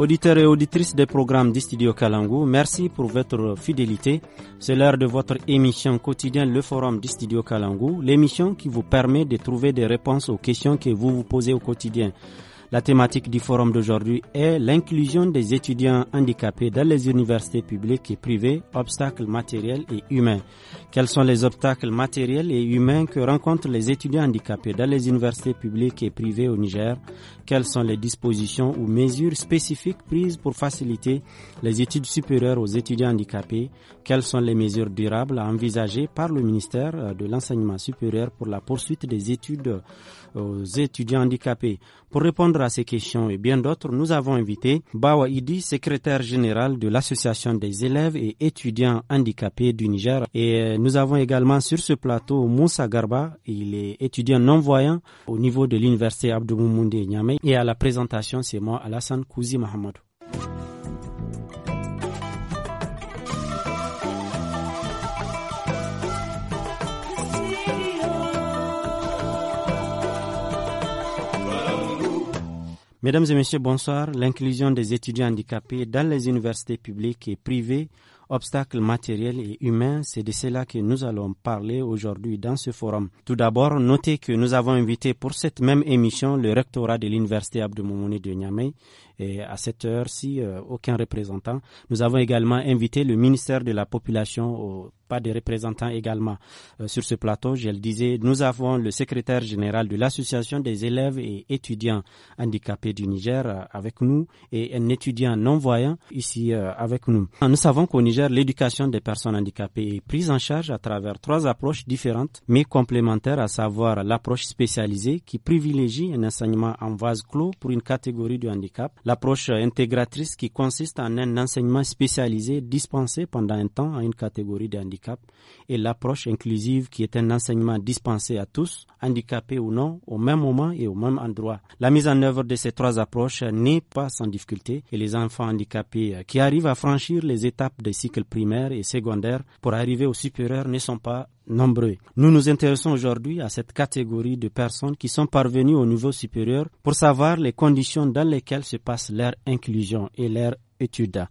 Auditeurs et auditrices des programmes du Studio Kalangou, merci pour votre fidélité. C'est l'heure de votre émission quotidienne Le Forum du Studio Kalangou, l'émission qui vous permet de trouver des réponses aux questions que vous vous posez au quotidien. La thématique du forum d'aujourd'hui est l'inclusion des étudiants handicapés dans les universités publiques et privées, obstacles matériels et humains. Quels sont les obstacles matériels et humains que rencontrent les étudiants handicapés dans les universités publiques et privées au Niger Quelles sont les dispositions ou mesures spécifiques prises pour faciliter les études supérieures aux étudiants handicapés Quelles sont les mesures durables à envisager par le ministère de l'enseignement supérieur pour la poursuite des études aux étudiants handicapés. Pour répondre à ces questions et bien d'autres, nous avons invité Bawa Idi, secrétaire général de l'Association des élèves et étudiants handicapés du Niger. Et euh, nous avons également sur ce plateau Moussa Garba, il est étudiant non-voyant au niveau de l'Université Abdou Moumoundé Niamey. Et à la présentation, c'est moi, Alassane Kouzi Mahamadou. Mesdames et messieurs, bonsoir. L'inclusion des étudiants handicapés dans les universités publiques et privées, obstacles matériels et humains, c'est de cela que nous allons parler aujourd'hui dans ce forum. Tout d'abord, notez que nous avons invité pour cette même émission le rectorat de l'université Abdou de Niamey et à cette heure-ci, euh, aucun représentant. Nous avons également invité le ministère de la Population au pas de représentants également. Euh, sur ce plateau, je le disais, nous avons le secrétaire général de l'Association des élèves et étudiants handicapés du Niger euh, avec nous et un étudiant non-voyant ici avec nous. Nous savons qu'au Niger, l'éducation des personnes handicapées est prise en charge à travers trois approches différentes mais complémentaires, à savoir l'approche spécialisée qui privilégie un enseignement en vase clos pour une catégorie de handicap, L'approche intégratrice qui consiste en un enseignement spécialisé dispensé pendant un temps à une catégorie de handicap et l'approche inclusive qui est un enseignement dispensé à tous, handicapés ou non, au même moment et au même endroit. La mise en œuvre de ces trois approches n'est pas sans difficulté et les enfants handicapés qui arrivent à franchir les étapes des cycles primaires et secondaires pour arriver au supérieur ne sont pas nombreux. Nous nous intéressons aujourd'hui à cette catégorie de personnes qui sont parvenues au niveau supérieur pour savoir les conditions dans lesquelles se passe leur inclusion et leur étude.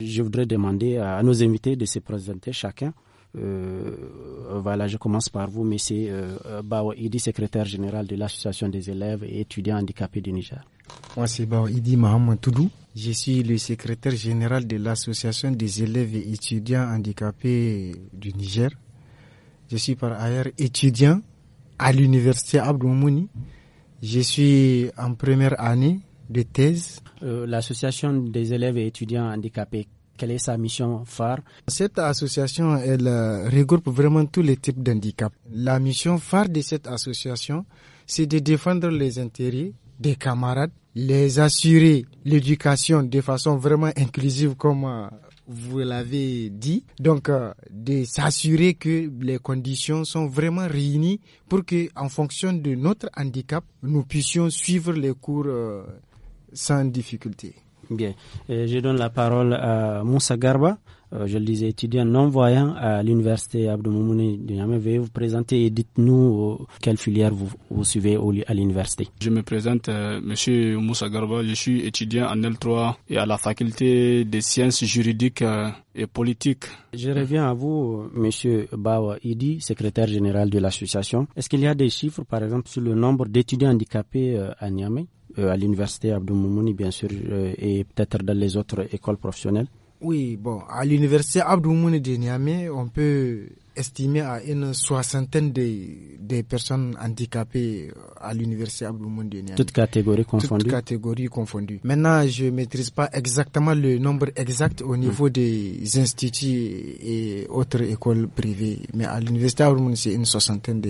Je voudrais demander à nos invités de se présenter chacun. Euh, voilà, je commence par vous, Monsieur euh, Idi, secrétaire général de l'Association des élèves et étudiants handicapés du Niger. Moi, c'est Bawa Idi Toudou. Je suis le secrétaire général de l'Association des élèves et étudiants handicapés du Niger. Je suis par ailleurs étudiant à l'université Abdoumouni. Je suis en première année de thèse. Euh, l'association des élèves et étudiants handicapés, quelle est sa mission phare Cette association, elle euh, regroupe vraiment tous les types d'handicap. La mission phare de cette association, c'est de défendre les intérêts des camarades, les assurer l'éducation de façon vraiment inclusive comme euh, vous l'avez dit, donc euh, de s'assurer que les conditions sont vraiment réunies pour que, en fonction de notre handicap, nous puissions suivre les cours euh, sans difficulté. Bien, je donne la parole à Moussa Garba. Euh, je le disais, étudiant non-voyant à l'université de Niamey. Veuillez vous présenter et dites-nous euh, quelle filière vous, suivez à l'université. Je me présente, euh, monsieur Moussa Garba. Je suis étudiant en L3 et à la faculté des sciences juridiques et politiques. Je reviens à vous, monsieur Bawa Idi, secrétaire général de l'association. Est-ce qu'il y a des chiffres, par exemple, sur le nombre d'étudiants handicapés à Niamey? à l'université Abdou Moumouni, bien sûr, et peut-être dans les autres écoles professionnelles oui, bon, à l'université Abdou de Niamey, on peut estimer à une soixantaine de personnes handicapées euh, à l'université Abdou de Niamey. Toutes catégories confondues. Toutes catégories confondues. Maintenant, je ne maîtrise pas exactement le nombre exact au hmm. niveau des instituts et autres écoles privées, mais à l'université Abdou c'est une soixantaine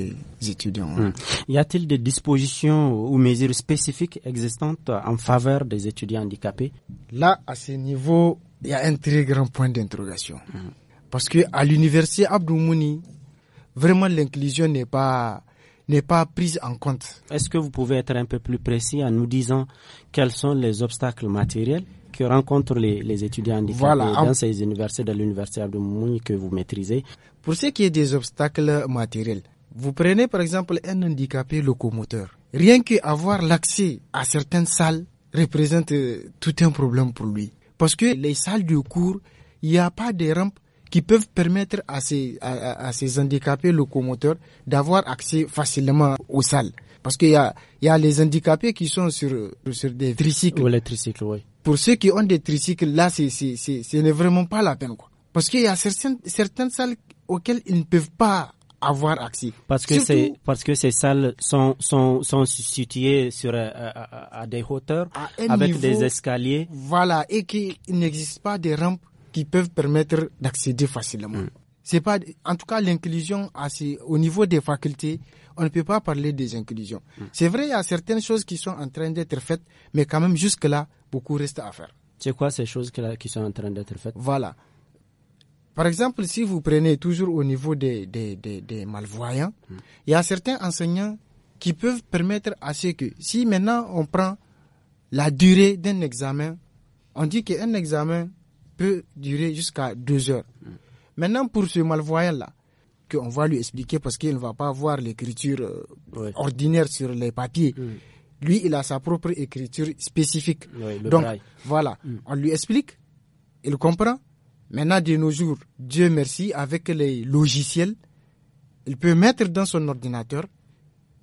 d'étudiants. Hmm. Y a-t-il des dispositions ou mesures spécifiques existantes en faveur des étudiants handicapés Là, à ce niveau, il y a un très grand point d'interrogation. Parce que à l'université Mouni, vraiment l'inclusion n'est pas n'est pas prise en compte. Est-ce que vous pouvez être un peu plus précis en nous disant quels sont les obstacles matériels que rencontrent les, les étudiants handicapés dans ces universités de l'université Mouni que vous maîtrisez Pour ce qui est des obstacles matériels, vous prenez par exemple un handicapé locomoteur. Rien qu'avoir l'accès à certaines salles représente euh, tout un problème pour lui. Parce que les salles de cours, il n'y a pas de rampes qui peuvent permettre à ces, à, ces handicapés locomoteurs d'avoir accès facilement aux salles. Parce qu'il y a, il y a les handicapés qui sont sur, sur des tricycles. Ou les tricycles, Pour ceux qui ont des tricycles, là, c'est, c'est, c'est, ce n'est vraiment pas la peine, quoi. Parce qu'il y a certaines, certaines salles auxquelles ils ne peuvent pas avoir accès. Parce que, c'est parce que ces salles sont, sont, sont situées sur, euh, euh, euh, à, des hauteurs, avec des escaliers. Voilà, et qu'il n'existe pas des rampes qui peuvent permettre d'accéder facilement. Mm. C'est pas, en tout cas, l'inclusion au niveau des facultés, on ne peut pas parler des inclusions. Mm. C'est vrai, il y a certaines choses qui sont en train d'être faites, mais quand même, jusque-là, beaucoup reste à faire. C'est quoi ces choses qui sont en train d'être faites Voilà. Par exemple, si vous prenez toujours au niveau des, des, malvoyants, hmm. il y a certains enseignants qui peuvent permettre à ce que, si maintenant on prend la durée d'un examen, on dit qu'un examen peut durer jusqu'à deux heures. Hmm. Maintenant, pour ce malvoyant-là, qu'on va lui expliquer parce qu'il ne va pas avoir l'écriture euh, ordinaire sur les papiers. Hmm. Lui, il a sa propre écriture spécifique. Donc, voilà, on lui explique, il comprend, Maintenant, de nos jours, Dieu merci, avec les logiciels, il peut mettre dans son ordinateur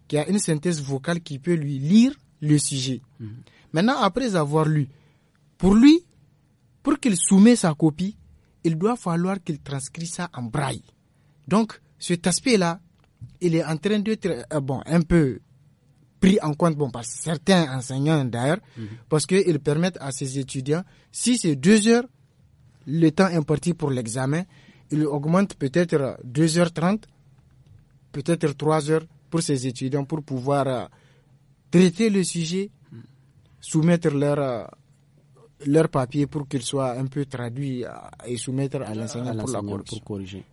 qui a une synthèse vocale qui peut lui lire le sujet. Mhm. Maintenant, après avoir lu, pour lui, pour qu'il soumette sa copie, il doit falloir qu'il transcrit ça en braille. Donc, cet aspect-là, il est en train d'être euh, bon, un peu pris en compte bon, par certains enseignants d'ailleurs, mhm. parce parce qu'ils permettent à ses étudiants, si c'est deux heures, le temps imparti pour l'examen, il augmente peut-être 2h30, peut-être 3h pour ces étudiants pour pouvoir euh, traiter le sujet, soumettre leur, euh, leur papier pour qu'il soit un peu traduit euh, et soumettre à l'enseignant pour, corriger.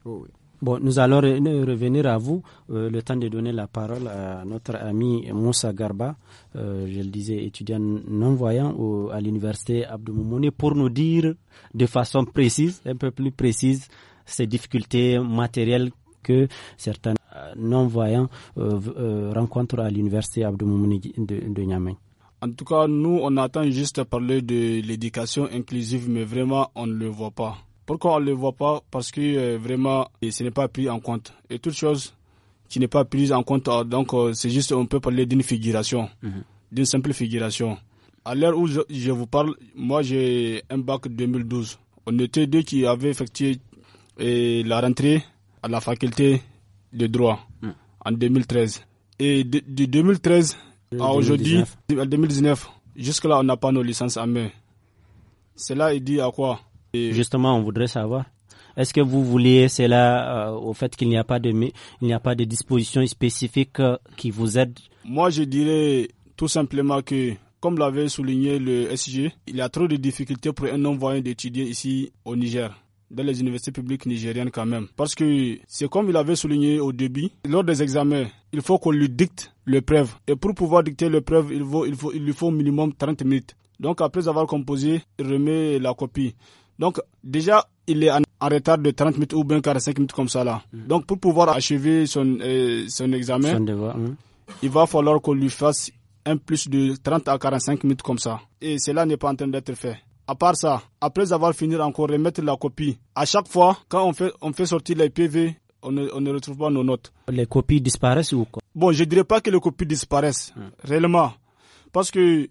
Bon, nous allons revenir à vous. Euh, le temps de donner la parole à notre ami Moussa Garba, euh, je le disais, étudiant non-voyant à l'université Abdoumoumouni, pour nous dire de façon précise, un peu plus précise, ces difficultés matérielles que certains euh, non-voyants rencontrent à l'université Abdou de, de Niamey. En tout cas, nous, on attend juste à parler de l'éducation inclusive, mais vraiment, on ne le voit pas. Pourquoi on ne le voit pas Parce que euh, vraiment, ce n'est pas pris en compte. Et toute chose qui n'est pas prise en compte, euh, donc euh, c'est juste, on peut parler d'une figuration, mhm. d'une simple figuration. À l'heure où je, vous parle, moi j'ai un bac 2012. On était deux qui avaient effectué la rentrée à la faculté de droit mhm. en 2013. Et de, 2013 à aujourd'hui, à 2019, jusque-là, on n'a pas nos licences à main. Cela est dit à quoi Justement, on voudrait savoir. Est-ce que vous vouliez cela euh, au fait qu'il n'y a pas de il n'y a pas de dispositions spécifiques euh, qui vous aident Moi, je dirais tout simplement que comme l'avait souligné le SG, il y a trop de difficultés pour un non-voyant d'étudier ici au Niger dans les universités publiques nigériennes quand même. Parce que c'est comme il avait souligné au début, lors des examens, il faut qu'on lui dicte le preuve. Et pour pouvoir dicter le preuve, il, faut, il, faut, il lui faut minimum 30 minutes. Donc après avoir composé, il remet la copie. Donc, déjà, il est en retard de 30 minutes ou bien 45 minutes comme ça là. Mm. Donc, pour pouvoir achever son, euh, son examen, son devoir, hein. il va falloir qu'on lui fasse un plus de 30 à 45 minutes comme ça. Et cela n'est pas en train d'être fait. À part ça, après avoir fini encore remettre la copie, à chaque fois, quand on fait, on fait sortir les PV, on ne, retrouve pas nos notes. Les copies disparaissent ou quoi Bon, je ne dirais pas que les copies disparaissent, mm. réellement. Parce que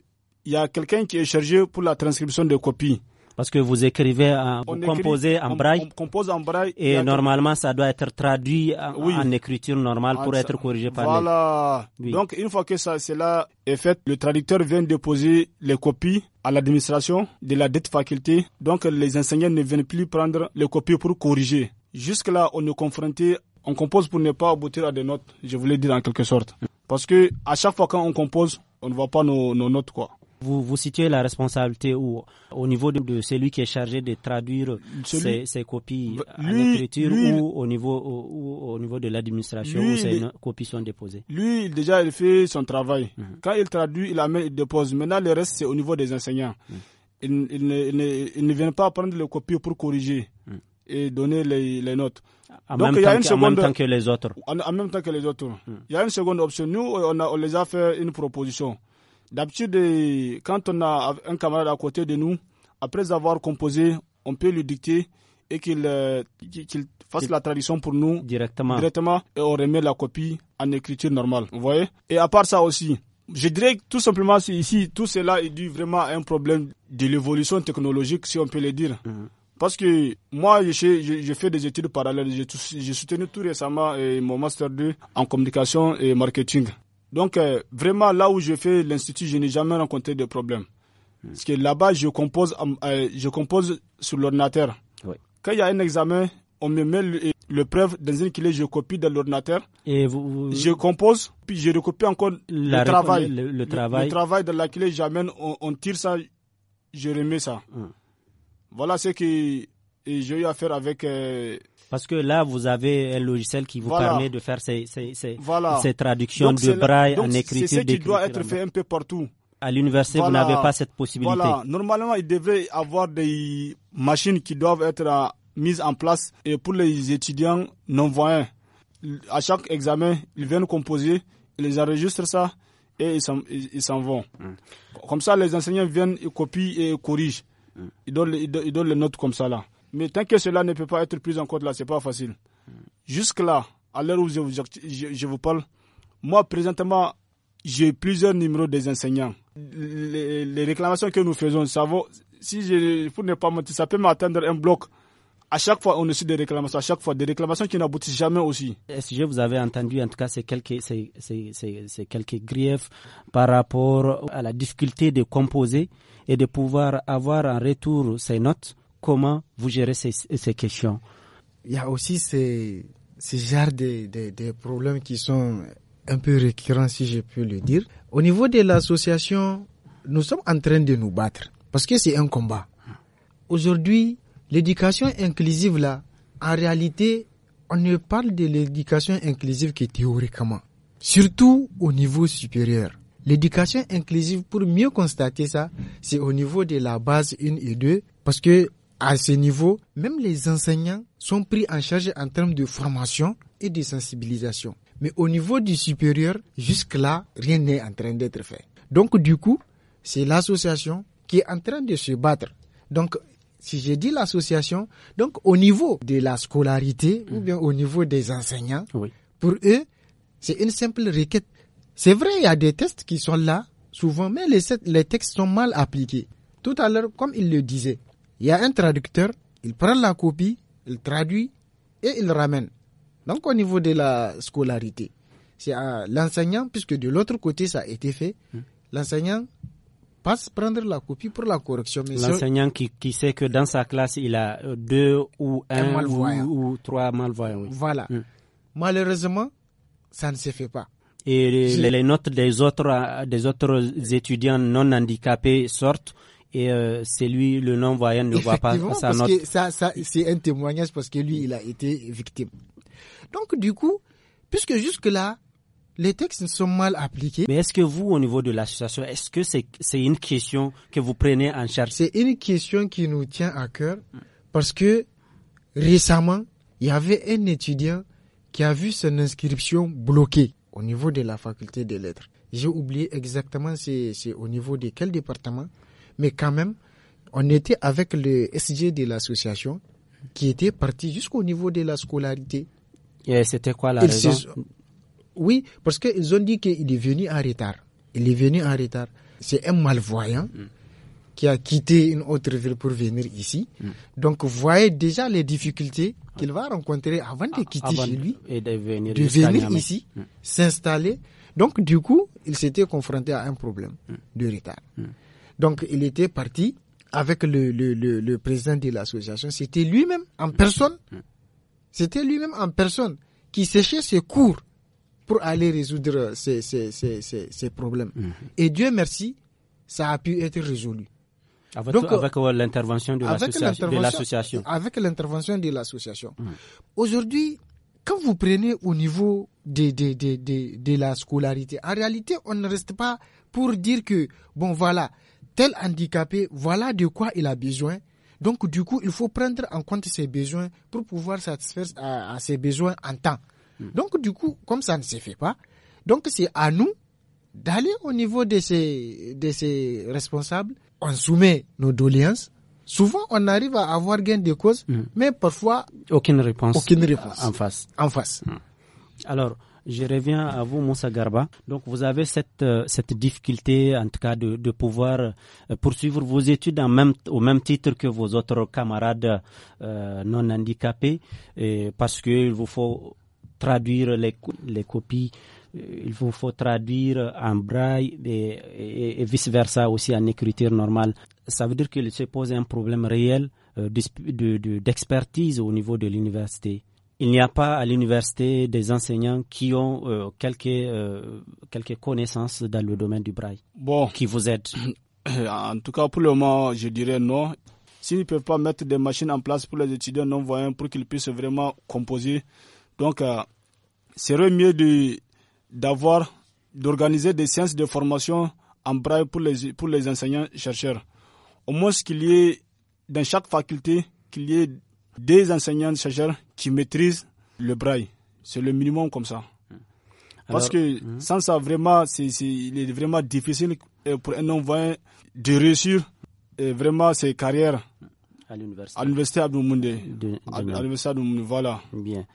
il y a quelqu'un qui est chargé pour la transcription des copies parce que vous écrivez, en, vous composez en braille. en braille. Et, normalement, ça doit être traduit en, écriture normale pour ah, être corrigé par Voilà. Les... Donc, une fois que ça, cela est fait, le traducteur vient déposer les copies à l'administration de la dette faculté. Donc, les enseignants ne viennent plus prendre les copies pour corriger. Jusque-là, on est confronté, on compose pour ne pas aboutir à des notes, je voulais dire en quelque sorte. Parce que à chaque fois qu'on compose, on ne voit pas nos, nos notes, quoi. Vous, vous situez la responsabilité Au niveau de, celui qui est chargé de traduire ces, copies bah, à ou au niveau, ou, au niveau de l'administration où ces copies sont déposées Lui, déjà, il fait son travail. Mmh. Quand il traduit, il, amène, dépose. Maintenant, le reste, c'est au niveau des enseignants. Mmh. ils, ne, ne, ne, viennent pas prendre les copies pour corriger mmh. et donner les, notes. En Donc, même, il y a une seconde... en temps que les autres. En, même temps que les autres. Il y a une seconde option. Nous, on, a, on les a fait une proposition. D'habitude, eh, quand on a un camarade à côté de nous, après avoir composé, on peut lui dicter et qu'il eh, fasse la traduction pour nous directement. directement et on remet la copie en écriture normale. Vous voyez Et à part ça aussi, je dirais tout simplement ici, tout cela est dû vraiment à un problème de l'évolution technologique, si on peut le dire. Mmh. Parce que moi, j'ai fait fais des études parallèles. J'ai soutenu tout récemment eh, mon Master 2 en communication et marketing. Donc, euh, vraiment, là où je fais l'institut, je n'ai jamais rencontré de problème. Hmm. Parce que là-bas, je compose, euh, euh, je compose sur l'ordinateur. Quand il y a un examen, on me met le, preuve dans une clé, je copie dans l'ordinateur. Et Je compose, puis je recopie encore le travail. Le, travail. Le, travail de la clé, j'amène, on, tire ça, je remets ça. Hmm. Voilà ce que j'ai eu à faire avec... Parce que là, vous avez un logiciel qui vous permet de faire ces, ces, ces, traductions de braille en écriture. C'est ce qui doit être fait un peu partout. À l'université, vous n'avez pas cette possibilité. Voilà. Normalement, il devrait y avoir des machines qui doivent être mises en place et pour les étudiants non-voyants. À chaque examen, ils viennent composer, ils enregistrent ça et ils s'en vont. Hmm. Comme ça, les enseignants viennent, ils copient et corrigent. Hmm. Ils, donnent, ils donnent les notes comme ça là. Mais tant que cela ne peut pas être pris en compte là, c'est pas facile. Jusque-là, à l'heure où je vous, parle, moi présentement, j'ai plusieurs numéros des enseignants. Les, réclamations que nous faisons, ça vaut, si je, pour ne pas ça peut m'attendre un bloc. À chaque fois, on reçoit des réclamations, à chaque fois, des réclamations qui n'aboutissent jamais aussi. Est-ce que vous avez entendu, en tout cas, c'est quelques, ces, quelques griefs par rapport à la difficulté de composer et de pouvoir avoir en retour ces notes Comment vous gérez ces, questions Il y a aussi ces, ces genres de, problèmes qui sont un peu récurrents, si je peux le dire. Au niveau de l'association, nous sommes en train de nous battre parce que c'est un combat. Aujourd'hui, l'éducation inclusive, là, en réalité, on ne parle de l'éducation inclusive que théoriquement, surtout au niveau supérieur. L'éducation inclusive, pour mieux constater ça, c'est au niveau de la base 1 et 2, parce que à ce niveau, même les enseignants sont pris en charge en termes de formation et de sensibilisation. Mais au niveau du supérieur, jusque-là, rien n'est en train d'être fait. Donc du coup, c'est l'association qui est en train de se battre. Donc si j'ai dit l'association, donc au niveau de la scolarité ou mm. bien au niveau des enseignants, pour eux, c'est une simple requête. C'est vrai, il y a des tests qui sont là, souvent, mais les, les textes sont mal appliqués. Tout à l'heure, comme il le disait, il y a un traducteur, il prend la copie, il traduit et il ramène. Donc au niveau de la scolarité, c'est à l'enseignant, puisque de l'autre côté ça a été fait, hmm. l'enseignant passe prendre la copie pour la correction. L'enseignant qui, sait que dans sa classe, il a deux ou un, ou, trois malvoyants. Voilà. Hmm. Malheureusement, ça ne se fait pas. Et les, les notes des autres, des autres étudiants non handicapés sortent et euh, c'est lui le non-voyant ne voit pas sa note. ça, ça c'est un témoignage parce que lui, il a été victime. Donc du coup, puisque jusque-là, les textes sont mal appliqués. Mais est-ce que vous, au niveau de l'association, est-ce que c'est une question que vous prenez en charge C'est une question qui nous tient à cœur parce que récemment, il y avait un étudiant qui a vu son inscription bloquée au niveau de la faculté des lettres. J'ai oublié exactement c'est au niveau de quel département, mais quand même, on était avec le SG de l'association qui était parti jusqu'au niveau de la scolarité. Et c'était quoi la raison Oui, parce qu'ils ont dit qu'il est venu en retard. Il est venu en retard. C'est un malvoyant hmm. qui a quitté une autre ville pour venir ici. Hmm. Donc, il voyez déjà les difficultés qu'il va rencontrer avant de quitter chez lui, et de venir, venir ici, hmm. s'installer. Donc, du coup, il s'était confronté à un problème de retard. Donc, il était parti avec le, président de l'association. C'était lui-même en personne. C'était lui-même en personne qui séchait ses cours pour aller résoudre ces, problèmes. Mhm. Et Dieu merci, ça a pu être résolu. Avec, euh, euh, l'intervention de l'association. Avec l'intervention de l'association. Mhm. Aujourd'hui, quand vous prenez au niveau de, la scolarité, en réalité, on ne reste pas pour dire que, bon voilà, tel handicapé, voilà de quoi il a besoin. Donc, du coup, il faut prendre en compte ses besoins pour pouvoir satisfaire à, ses besoins en temps. Hmm. Donc, du coup, comme ça ne se fait pas, donc c'est à nous d'aller au niveau de ces, de ces responsables. On soumet nos doléances. Souvent, on arrive à avoir gain de cause, hmm. mais parfois... Aucune réponse. Aucune réponse. En face. En face. Hmm. Alors, je reviens à vous, Moussa Garba. Donc, vous avez cette, euh, difficulté, en tout cas, de, pouvoir euh, poursuivre vos études au même titre que vos autres camarades euh, non handicapés, parce qu'il vous faut traduire les, les copies il vous faut traduire en braille et, vice-versa aussi en écriture normale. Ça veut dire qu'il se pose un problème réel d'expertise au niveau de l'université il n'y a pas à l'université des enseignants qui ont quelques, euh, quelques euh, connaissances dans le domaine du braille bon. qui vous aident En tout cas, pour le moment, je dirais non. S'ils ne peuvent pas mettre des machines en place pour les étudiants non-voyants pour qu'ils puissent vraiment composer, donc c'est euh, serait mieux d'avoir, d'organiser des séances de formation en braille pour les, pour les enseignants-chercheurs. Au moins qu'il y ait, dans chaque faculté, qu'il y ait des enseignants chercheurs qui maîtrisent le braille. C'est le minimum comme ça. Parce que hum. sans ça, vraiment, c'est, il est vraiment difficile euh, pour un non-voyant de réussir euh, vraiment ses carrières à l'université Abdoumoundé. À l'université voilà. Bien.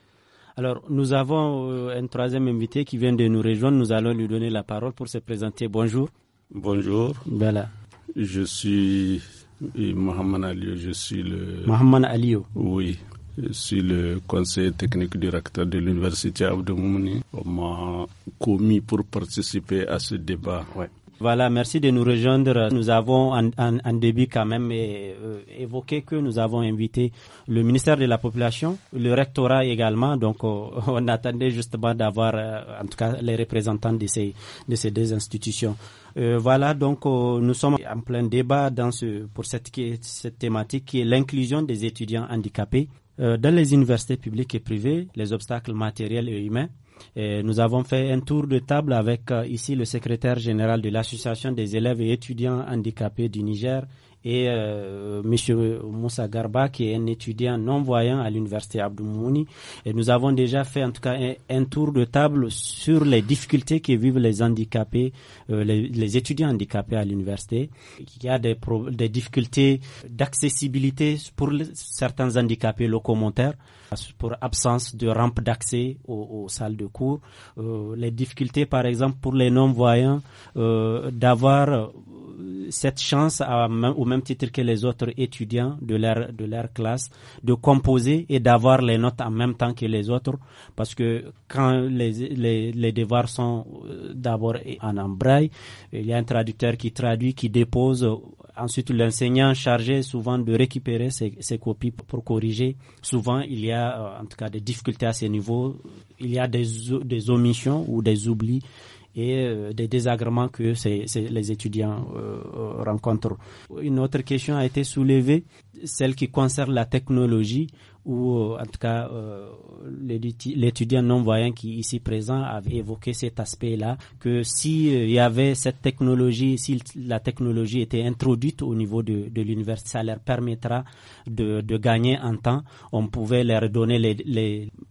Alors, nous avons euh, un troisième invité qui vient de nous rejoindre. Nous allons lui donner la parole pour se présenter. Bonjour. Bonjour. Voilà. Je suis et Mohamed Aliou, je suis le. Mohamed Aliou Oui. Je suis le conseiller technique directeur de l'université Abdoumouni. On m'a commis pour participer à ce débat. Ouais. Voilà, merci de nous rejoindre. Nous avons en, en, début quand même euh, euh, évoqué que nous avons invité le ministère de la Population, le rectorat également. Donc, euh, on attendait justement d'avoir, en tout cas, les représentants de ces, de ces deux institutions. Euh, voilà, donc euh, nous sommes en plein débat dans ce, pour cette, cette thématique qui est l'inclusion des étudiants handicapés euh, dans les universités publiques et privées, les obstacles matériels et humains. nous avons fait un tour de table avec ici le secrétaire général de l'Association des élèves et étudiants handicapés du Niger, et euh, Monsieur Moussa Garba, qui est un étudiant non-voyant à l'université Abdoumouni. Et nous avons déjà fait en tout cas un, tour de table sur les difficultés que vivent les handicapés, euh, les, étudiants handicapés à l'université. Il y a des, des difficultés d'accessibilité pour certains handicapés locomoteurs, pour absence de rampe d'accès aux, salles de cours. Euh, les difficultés, par exemple, pour les non-voyants euh, d'avoir cette chance, au même titre que les autres étudiants de leur, de classe, de composer et d'avoir les notes en même temps que les autres, parce que quand les, les, devoirs sont euh, d'abord en, embray il y a un traducteur qui traduit, qui dépose, ensuite l'enseignant chargé souvent de récupérer ses, copies pour, pour corriger. Souvent, il y a euh, en tout cas des difficultés à ce niveau, il y a des, des omissions ou des oublis et euh, des désagréments que ces, les étudiants euh, rencontrent. Une autre question a été soulevée, celle qui concerne la technologie ou euh, en tout cas l'étudiant non-voyant qui est ici présent avait évoqué cet aspect-là, que s'il y avait cette technologie, si la technologie était introduite au niveau de, de l'université, ça leur permettra de, de, gagner en temps. On pouvait leur donner les,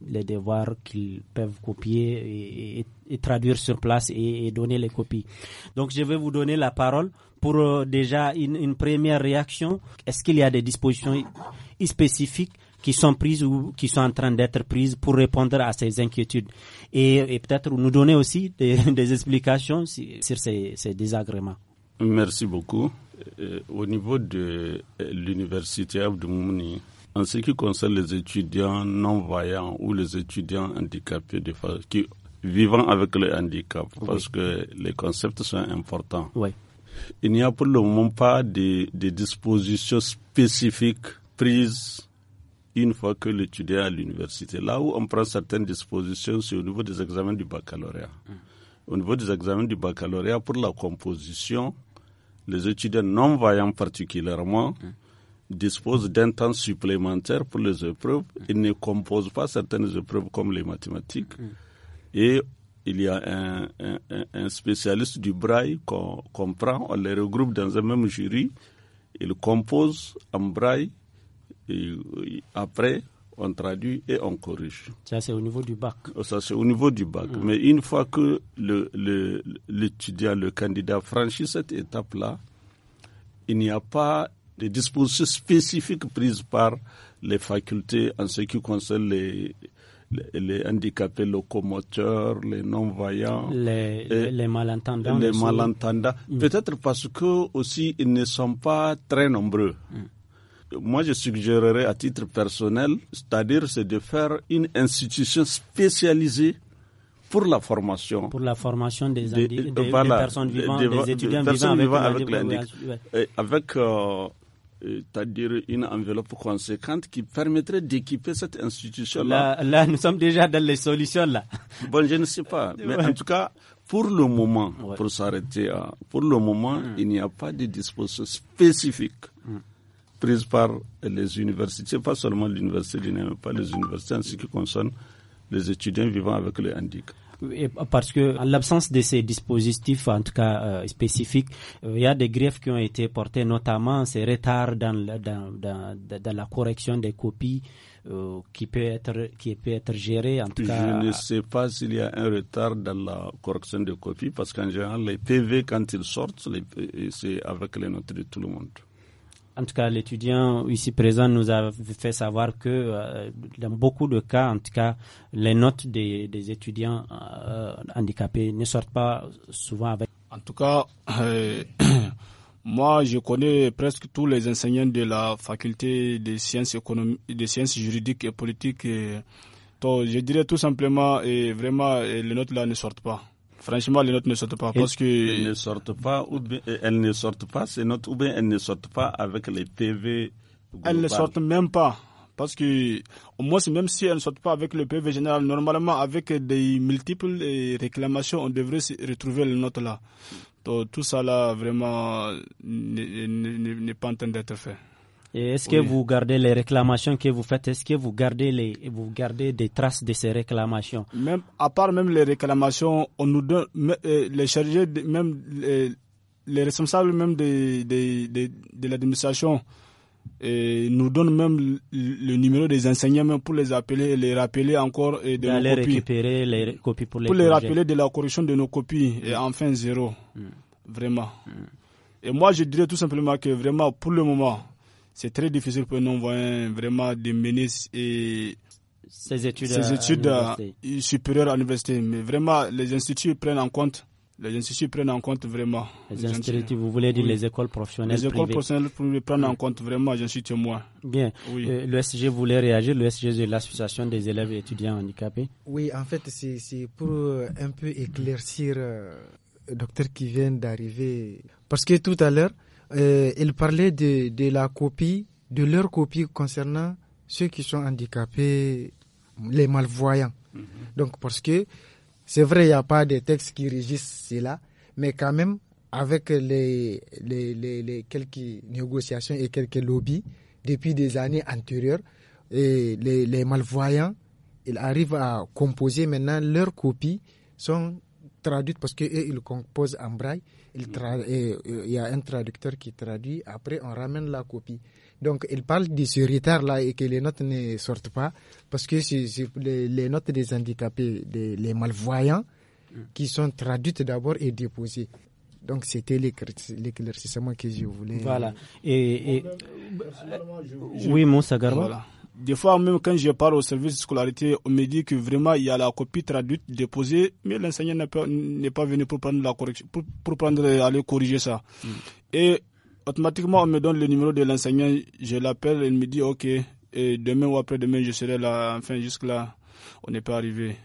les, devoirs qu'ils peuvent copier et traduire sur place et, donner les copies. Donc je vais vous donner la parole pour euh, déjà une, première réaction. Est-ce qu'il y a des dispositions spécifiques qui sont prises ou qui sont en train d'être prises pour répondre à ces inquiétudes et, peut-être nous donner aussi des, explications sur ces, désagréments. Merci beaucoup. Euh, au niveau de euh, l'université Abdoumouni, en ce qui concerne les étudiants non-voyants ou les étudiants handicapés de qui vivant avec le handicap, parce que les concepts sont importants. Oui. Il n'y a pour le moment pas de, de dispositions spécifiques prises une fois que l'étudiant à l'université. Là où on prend certaines dispositions, c'est au niveau des examens du baccalauréat. Mm. Au niveau des examens du baccalauréat, pour la composition, les étudiants non-voyants particulièrement mm. disposent d'un temps supplémentaire pour les épreuves. Ils ne composent pas certaines épreuves comme les mathématiques. Mm. Et il y a un, spécialiste du braille qu'on comprend. prend, on les regroupe dans un même jury, il compose en braille, et après on traduit et on corrige. Ça c'est au niveau du bac. Oh, ça c'est au niveau du bac. Ah. Mais une fois que l'étudiant, le, le candidat franchit cette étape-là, il n'y a pas de dispositions spécifiques prises par les facultés en ce qui concerne les, les, handicapés locomoteurs, les non-voyants, les, les, malentendants. Les malentendants. Mm. Peut-être parce que aussi ils ne sont pas très nombreux. Mm. Moi, je suggérerais à titre personnel, c'est-à-dire c'est de faire une institution spécialisée pour la formation. Pour la formation des, euh, personnes vivantes, des, étudiants vivants avec, avec, avec, euh, c'est-à-dire une enveloppe conséquente qui permettrait d'équiper cette institution-là. Là, nous sommes déjà dans les solutions, là. Bon, je ne sais pas. Mais en tout cas, pour le moment, pour s'arrêter, pour le moment, hmm. il n'y a pas de disposition spécifique prises hmm. prise par les universités, pas seulement l'université, mais pas les universités en ce qui concerne les étudiants vivant avec le handicap parce que en l'absence de ces dispositifs, en tout cas euh, spécifiques, euh, il y a des griefs qui ont été portés, notamment ces retards dans, la, correction des copies. Euh, qui peut être qui peut être géré en tout cas. Je ne sais pas s'il y a un retard dans la correction des copies parce qu'en général les PV quand ils sortent c'est avec les notes de tout le monde en tout cas, l'étudiant ici présent nous a fait savoir que euh, dans beaucoup de cas, en tout cas, les notes des, étudiants euh, handicapés ne sortent pas souvent avec. En tout cas, euh, moi, je connais presque tous les enseignants de la faculté des sciences économiques, des sciences juridiques et politiques. je dirais tout simplement, et vraiment, les notes là ne sortent pas. Franchement, les notes ne sortent pas parce elles ne sortent pas ou ne sortent pas ces notes ou bien elles ne sortent pas avec les PV. Elles ne sortent même pas parce que au moins même si elles ne sortent pas avec le PV général, normalement avec des multiples réclamations, on devrait retrouver les notes là. Donc, tout ça là vraiment n'est pas en train d'être fait est-ce que vous gardez les réclamations que vous faites Est-ce que vous gardez, les, vous gardez des traces de ces réclamations Même à part même les réclamations, on nous donne euh, les chargés, même euh, les, responsables même de, de, l'administration euh, nous donnent même le numéro des enseignants pour les appeler et les rappeler encore et de les récupérer les copies pour les rappeler de la correction de nos copies et mm. enfin zéro. Mm. Vraiment. Mm. Et moi je dirais tout simplement que vraiment pour le moment c'est très difficile pour nous non vraiment des ministres et ces études, études supérieures à l'université. Mais vraiment, les instituts prennent en compte. Les instituts prennent en compte vraiment. Les instituts, vous voulez dire les écoles professionnelles Les écoles professionnelles prennent en compte vraiment, j'en suis témoin. Bien. Oui. Euh, le SG voulait réagir, le SG de l'Association des élèves et étudiants handicapés. Oui, en fait, c'est pour euh, un peu éclaircir euh, le docteur qui vient d'arriver. Parce que tout à l'heure, euh, parlait de, la copie, de leur copie concernant ceux qui sont handicapés, les malvoyants. Mhm. Donc, parce que c'est vrai, il n'y a pas de texte qui régisse cela, mais quand même, avec les, les, quelques négociations et quelques lobbies, depuis des années antérieures, et les, malvoyants, ils arrivent à composer maintenant leur copies sont traduites parce qu'ils composent en braille. Mm. Euh, il y a un traducteur qui traduit. Après, on ramène la copie. Donc, il parle de ce retard-là et que les notes ne sortent pas parce que c'est les, notes des handicapés, des, les malvoyants, mm. qui sont traduites d'abord et déposées. Donc, c'était l'éclaircissement que je voulais. Voilà. Et, oui, mon Garba. Des fois, même quand je parle au service de scolarité, on me dit que vraiment il y a la copie traduite déposée, mais l'enseignant n'est pas, venu pour prendre la correction, pour, prendre, aller corriger ça. Hmm. Et automatiquement, on me donne le numéro de l'enseignant, je l'appelle, il me dit OK, et demain ou après-demain, je serai là. Enfin, jusque-là, on n'est pas arrivé.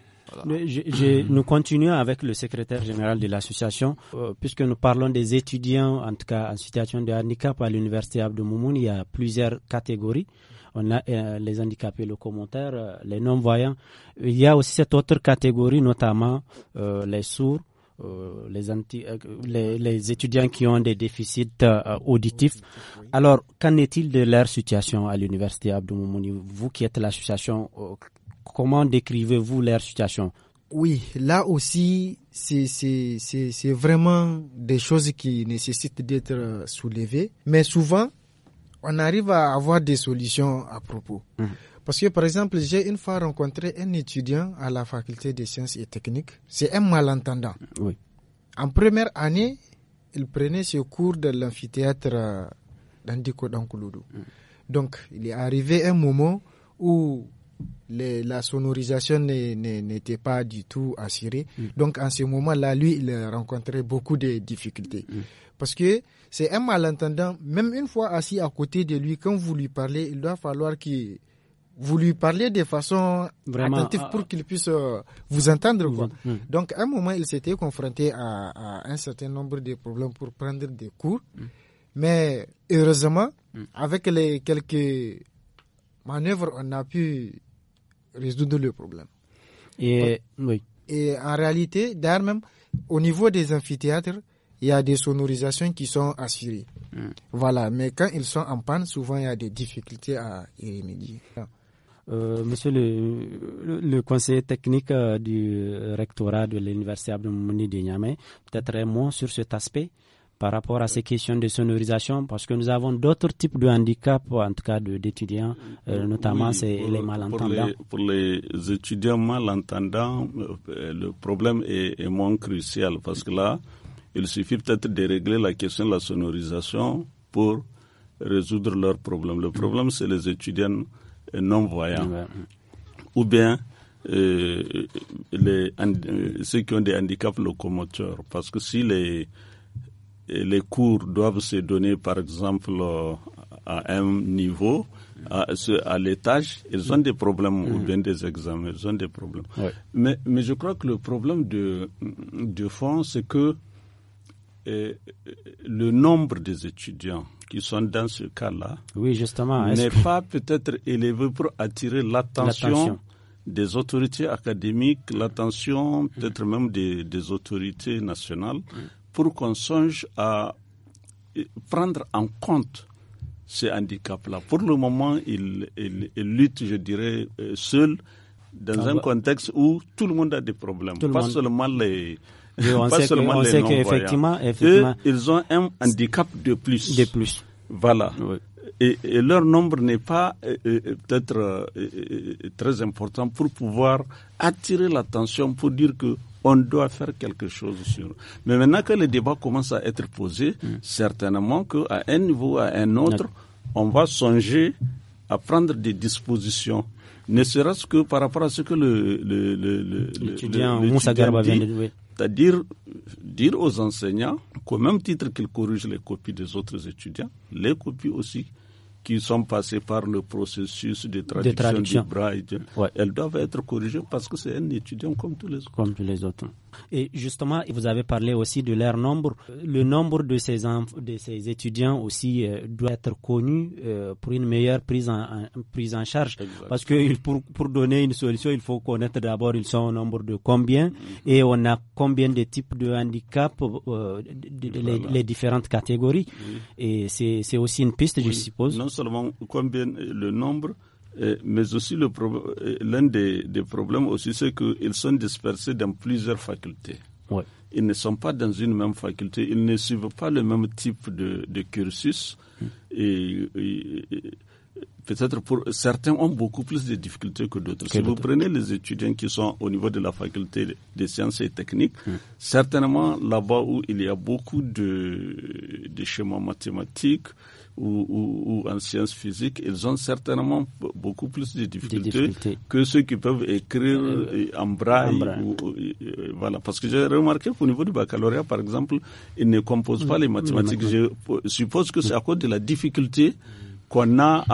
nous continuons avec le secrétaire général de l'association, euh, puisque nous parlons des étudiants, en tout cas en situation de handicap à l'université Abdou Moumoun, il y a plusieurs catégories on a euh, les handicapés le commentaire, euh, les non-voyants. Il y a aussi cette autre catégorie, notamment euh, les sourds. les, les, les, étudiants qui ont des déficits auditifs. Alors, qu'en est-il de leur situation à l'université Abdou Moumouni Vous qui êtes l'association, comment décrivez-vous leur situation oui, là aussi, c'est vraiment des choses qui nécessitent d'être soulevées. Mais souvent, on arrive à avoir des solutions à propos. Mhm. Parce que, par exemple, j'ai une fois rencontré un étudiant à la faculté des sciences et techniques. C'est un malentendant. En première année, il prenait ses cours de l'amphithéâtre euh, d'Andiko Dankouloudou. Mhm. Donc, il est arrivé un moment où la sonorisation n'était pas du tout assurée. Mhm. Donc, en ce moment-là, lui, il rencontrait beaucoup de difficultés. Parce que c'est un malentendant, même une fois assis à côté de lui, quand vous lui parlez, il doit falloir que vous lui parlez de façon attentive ah, pour qu'il puisse euh, vous entendre. Hmm. Donc, à un moment, il s'était confronté à, un certain nombre de problèmes pour prendre des cours. Hmm. Mais heureusement, hmm. avec les quelques manœuvres, on a pu résoudre le problème. Et, et en réalité, d'ailleurs même, au niveau des amphithéâtres, il y a des sonorisations qui sont assurées. Hmm. Voilà, mais quand ils sont en panne, souvent il y a des difficultés à y remédier. Euh, monsieur le, le, conseiller technique euh, du rectorat de l'Université Abdelmouni de Niamey, peut-être un mot sur cet aspect par rapport à ces questions de sonorisation, parce que nous avons d'autres types de handicaps, en tout cas d'étudiants, euh, notamment c'est les malentendants. Pour les, étudiants malentendants, le problème est, moins crucial, parce que là, il suffit peut-être de régler la question de la sonorisation pour résoudre leurs problèmes. Le problème, c'est les étudiants non-voyants. Ou bien euh, les, euh, ceux qui ont des handicaps locomoteurs. Parce que si les, les cours doivent se donner, par exemple, euh, à un niveau, à, l'étage, ils ont des problèmes, ou mm. bien des examens, ils ont des problèmes. Mais, mais je crois que le problème de, de fond, c'est que le nombre des étudiants qui sont dans ce cas-là oui, n'est pas peut-être élevé pour attirer l'attention des autorités académiques, l'attention peut-être mm. même des, autorités nationales, mm. pour qu'on songe à prendre en compte ces handicaps-là. Pour le moment, ils il, il luttent, je dirais, euh, seuls dans ah un bah. contexte où tout le monde a des problèmes, pas seulement les, on sait qu'effectivement ils ont un handicap de plus. De plus. Voilà. Et, leur nombre n'est pas euh, euh, peut-être euh, très important pour pouvoir attirer l'attention, pour dire que on doit faire quelque chose sur. Mais maintenant que le débat commence à être posé, mm. certainement certainement qu'à un niveau, à un autre, on va songer à prendre des dispositions. Ne serait-ce que par rapport à ce que le, le, le, c'est-à-dire dire aux enseignants qu'au même titre qu'ils corrigent les copies des autres étudiants, les copies aussi qui sont passées par le processus de traduction, du elles doivent être corrigées parce que c'est un étudiant Comme tous les autres. Et justement, vous avez parlé aussi de leur nombre. Le nombre de ces, de ces étudiants aussi euh, doit être connu euh, pour une meilleure prise en, prise en charge. Parce que pour, pour, donner une solution, il faut connaître d'abord ils sont au nombre de combien mm-hmm. et on a combien de types de handicaps euh, les, différentes catégories. Et c'est aussi une piste, je suppose. Non seulement combien le nombre, mais aussi l'un des, problèmes aussi, c'est qu'ils sont dispersés dans plusieurs facultés. Ils ne sont pas dans une même faculté, ils ne suivent pas le même type de, cursus. Hmm. et, peut-être pour certains ont beaucoup plus de difficultés que d'autres. Si vous prenez les étudiants qui sont au niveau de la faculté des sciences et techniques, hmm. certainement là-bas où il y a beaucoup de, de schémas mathématiques, ou, ou, en sciences physiques, ils ont certainement beaucoup plus de difficultés, que ceux qui peuvent écrire euh, euh, en braille. voilà. Parce que j'ai remarqué qu'au niveau du baccalauréat, par exemple, ils ne composent mmh. pas les mathématiques. Mmh. Je suppose que c'est à cause de la difficulté qu'on a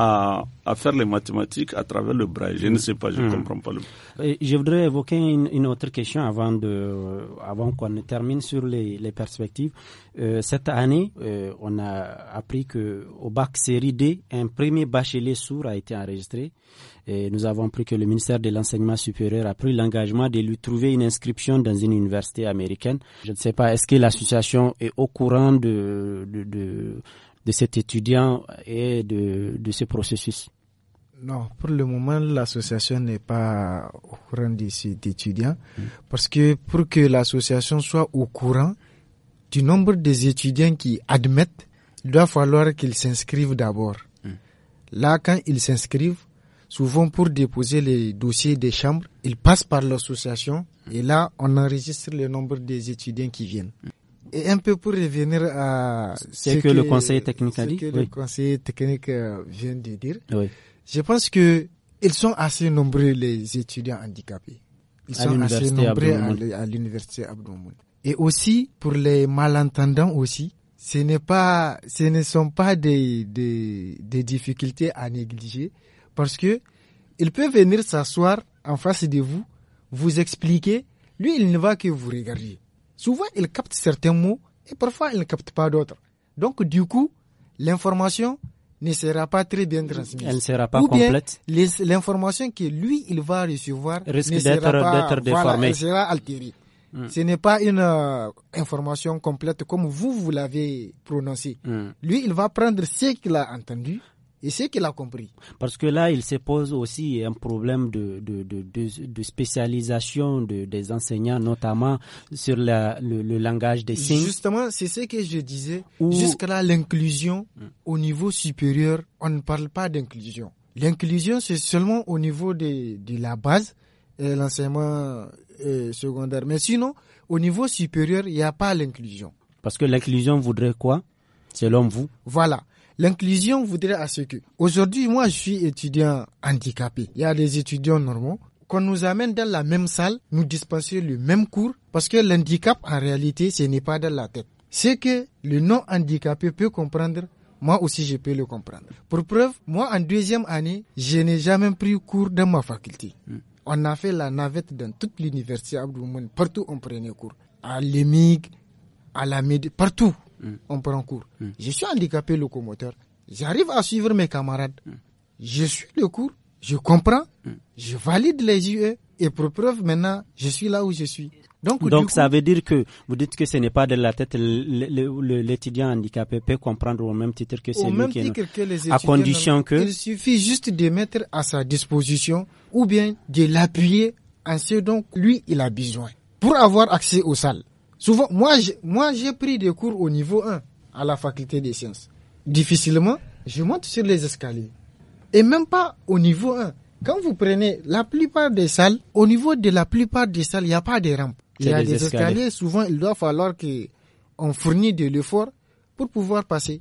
à, faire les mathématiques à travers le braille. Je ne sais pas, je ne hmm. comprends pas. Le... Je voudrais évoquer une, une autre question avant, de, avant qu'on termine sur les, les perspectives. Euh, cette année, euh, on a appris que au bac série D, un premier bachelier sourd a été enregistré. Et nous avons appris que le ministère de l'Enseignement supérieur a pris l'engagement de lui trouver une inscription dans une université américaine. Je ne sais pas, est-ce que l'association est au courant de, de, de de cet étudiant et de, de ce processus non, pour le moment, l'association n'est pas au courant de cet étudiant. Hmm. parce que pour que l'association soit au courant du nombre des étudiants qui admettent, il doit falloir qu'ils s'inscrivent d'abord. Hmm. Là, quand ils s'inscrivent, souvent pour déposer les dossiers des chambres, ils passent par l'association et là, on enregistre le nombre des étudiants qui viennent. Hmm. Et un peu pour revenir à ce que, le conseiller technique dit. le technique euh, vient de dire. Je pense que ils sont assez nombreux les étudiants handicapés. Ils sont assez nombreux à l'université Abdoumoun. Et aussi pour les malentendants aussi, ce n'est pas, ce ne sont pas des, des, des difficultés à négliger parce que il peut venir s'asseoir en face de vous, vous expliquer. Lui, il ne va que vous regarder souvent il capte certains mots et parfois il ne capte pas d'autres. Donc du coup, l'information ne sera pas très bien transmise. Elle ne sera pas complète. L'information que lui, il va recevoir risque d'être déformée. elle sera altérée. Hmm. Ce n'est pas une euh, information complète comme vous, vous l'avez prononcé. Hmm. Lui, il va prendre ce qu'il a entendu et c'est qu'il a compris. Parce que là, il se pose aussi un problème de, de, de, de spécialisation des enseignants, notamment sur le, langage des signes. Justement, c'est ce que je disais. Jusqu'à là l'inclusion, au niveau supérieur, on ne parle pas d'inclusion. L'inclusion, c'est seulement au niveau de, la base, l'enseignement euh, secondaire. Mais sinon, au niveau supérieur, il n'y a pas l'inclusion. Parce que l'inclusion voudrait quoi, selon vous Voilà. L'inclusion voudrait à ce que, aujourd'hui, moi, je suis étudiant handicapé. Il y a des étudiants normaux qu'on nous amène dans la même salle, nous dispenser le même cours, parce que l'handicap, en réalité, ce n'est pas dans la tête. C'est que le non-handicapé peut comprendre, moi aussi je peux le comprendre. Pour preuve, moi en deuxième année, je n'ai jamais pris cours dans ma faculté. Hmm. On a fait la navette dans toute l'université Abdou partout on prenait cours. À l'EMIG, à la MED, partout on prend cours. Mm. Je suis handicapé locomoteur, j'arrive à suivre mes camarades. Mm. Je suis le cours, je comprends, mm. je valide les UE et pour preuve maintenant, je suis là où je suis. Donc, Donc ça veut dire que vous dites que ce n'est pas de la tête. L'étudiant handicapé peut comprendre au même titre que celui qui est à condition que il suffit juste de mettre à sa disposition ou bien de l'appuyer en ce dont lui il a besoin pour avoir accès aux salles. Souvent, moi, moi, j'ai pris des cours au niveau 1 à la faculté des sciences. Difficilement, je monte sur les escaliers. Et même pas au niveau 1. Quand vous prenez la plupart des salles, au niveau de la plupart des salles, il n'y a pas de rampes. Il y a des escaliers. Souvent, il doit falloir qu'on fournisse de l'effort pour pouvoir passer.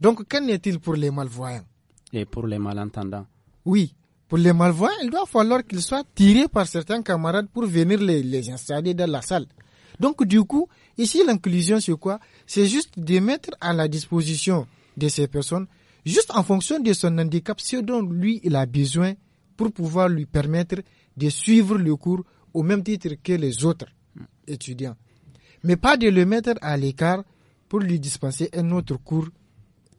Donc, qu'en est-il pour les malvoyants Et pour les malentendants Oui. Pour les malvoyants, il doit falloir qu'ils soient tirés par certains camarades pour venir les installer dans la salle. Donc du coup, ici l'inclusion c'est quoi C'est juste de mettre à la disposition de ces personnes, juste en fonction de son handicap, ce dont lui il a besoin pour pouvoir lui permettre de suivre le cours au même titre que les autres étudiants. Mais pas de le mettre à l'écart pour lui dispenser un autre cours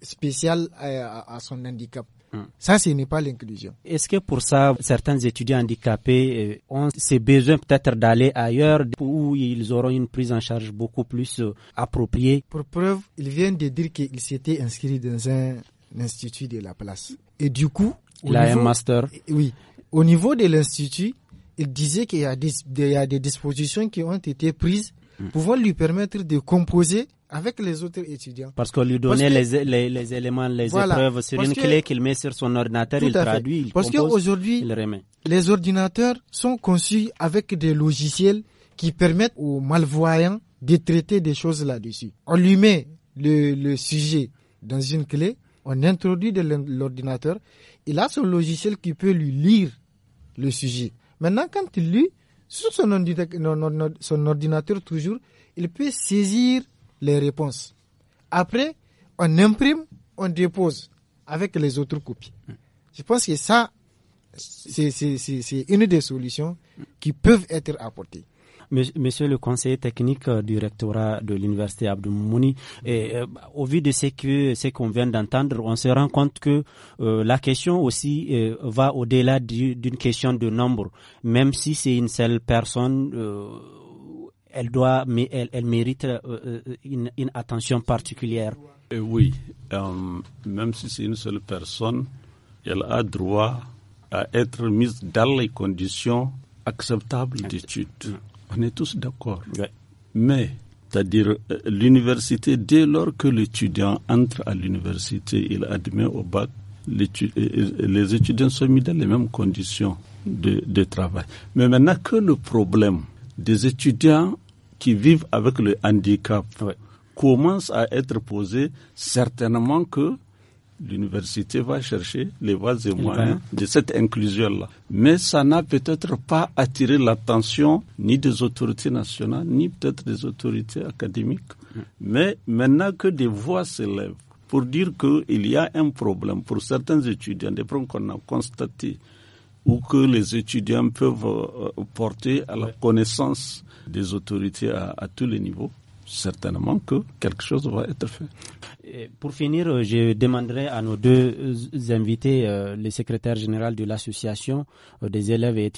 spécial euh, à, à son handicap. Mm. Ça, ce n'est pas l'inclusion. Est-ce que pour ça, certains étudiants handicapés euh, ont ces besoins peut-être d'aller ailleurs où ils auront une prise en charge beaucoup plus euh, appropriée Pour preuve, ils viennent de dire qu'il s'était inscrit dans un institut de la place. Et du coup... Il a un master. Oui. Au niveau de l'institut, il disait qu'il y, a des dispositions qui ont été prises pour mm. pouvant lui permettre de composer avec les autres étudiants. Parce qu'on lui donnait les, éléments, les épreuves sur une clé qu'il met sur son ordinateur, il traduit, il Parce qu'aujourd'hui, les ordinateurs sont conçus avec des logiciels qui permettent aux malvoyants de traiter des choses là-dessus. On lui met le, sujet dans une clé, on introduit de l'ordinateur, il a son logiciel qui peut lui lire le sujet. Maintenant, quand il lit, sur son ordinateur toujours, il peut saisir les réponses. Après, on imprime, on dépose avec les autres copies. Je pense que ça, c'est une des solutions qui peuvent être apportées. Monsieur le conseiller technique euh, du rectorat de l'université Abdou Mouni, et, euh, au vu de ce que ce qu'on vient d'entendre, on se rend compte que euh, la question aussi va au-delà d'une question de nombre, même si c'est une seule personne elle doit, mais elle, elle mérite euh, euh, une, une, attention particulière. Eh oui, euh, même si c'est une seule personne, elle a droit à être mise dans les conditions acceptables d'études. On est tous d'accord. Mais, c'est-à-dire, l'université, dès lors que l'étudiant entre à l'université, il admet au bac, les étudiants sont mis dans les mêmes conditions de, de travail. Mais maintenant que le problème des étudiants qui vivent avec le handicap commencent à être posés, certainement que l'université va chercher les voies et moyens de cette inclusion-là. Mais ça n'a peut-être pas attiré l'attention ni des autorités nationales, ni peut-être des autorités académiques. Mais maintenant que des voix s'élèvent pour dire qu'il y a un problème pour certains étudiants, des problèmes qu'on a constatés ou que les étudiants peuvent euh, porter à la connaissance des autorités à, tous les niveaux certainement que quelque chose va être fait. pour finir, euh, je demanderai à nos deux euh, invités, le secrétaire général de l'association des élèves et étudiants,